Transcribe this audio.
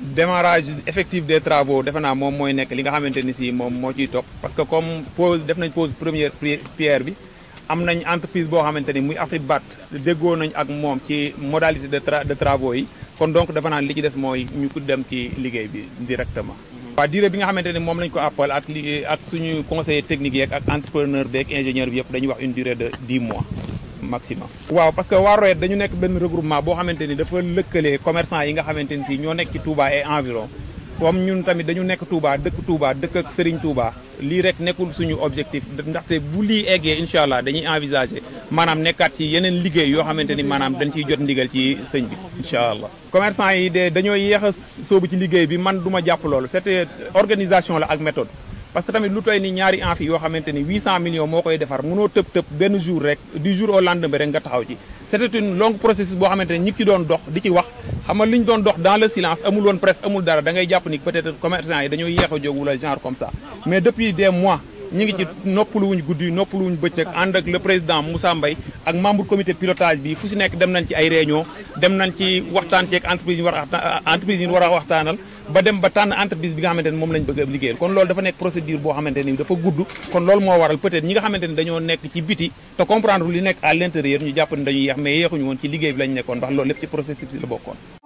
démarrage effective des travaux defe naa moom mooy nekk li nga xamante ni si moom moo ciy topp parce que comme pose def nañ pose première pierre bi am nañ entreprise boo xamante ni muy Afribat déggoo nañ ak moom ci modalité de de travaux yi kon donc defe li ci des mooy ñu ko dem ci liggéey bi directement. waaw durée bi nga xamante ni moom lañ ko appel ak liggéey ak suñu conseiller technique yeeg ak entrepreneur beeg ingénieur bi yëpp dañuy wax une durée de 10 mois. maximum. waaw parce que waa Royet dañu nekk benn regroupement boo xamante ni dafa lëkkale commerçant yi nga xamante ni si ñoo nekk ci Touba et environ comme ñun tamit dañu nekk Touba dëkk Touba dëkk ak sëriñ Touba lii rek nekkul suñu objectif ndaxte bu lii eggee incha allah dañuy envisager maanaam nekkaat ci yeneen liggéey yoo xamante ni maanaam dañ ciy jot ndigal ci sëñ bi incha allah. commercant yi de dañoo yéex a sóobu ci liggéey bi man du ma jàpp loolu c'était organisation la ak méthode. parce que tamit lu toy ni ñaari amphi yoo xamante ni 800 millions moo koy defar mënoo tëb tëb benn jour rek du jour au lendemain rek nga taxaw ci c'était longue processus boo xamante ne ñi ci doon dox di ci wax xam nga li ñu doon dox dans le jàpp ni peut-être commerçant yi dañoo yéex a jóg wala genre comme ça mais depuis des mois ñi ngi ci noppaluwuñ guddi noppaluwuñ bëccëg ànd ak le président Moussa Mbaye ak membre comité pilotage bi fu si nekk dem nañ ci ay réunion dem nañ ci waxtaan ceeg entreprise yi yi war a waxtaanal ba dem ba tànn entreprise bi nga xamante ne moom lañ bëgg a liggéeyal kon loolu dafa nekk procédure boo xamante ni dafa gudd kon loolu moo waral peut ñi nga xamante ni dañoo nekk ci biti te comprendre li nekk à l'intérieur ñu jàpp ne dañuy yeex mais yeexuñu woon ci liggéey bi lañ nekkoon ndax loolu lépp ci processus la bokkoon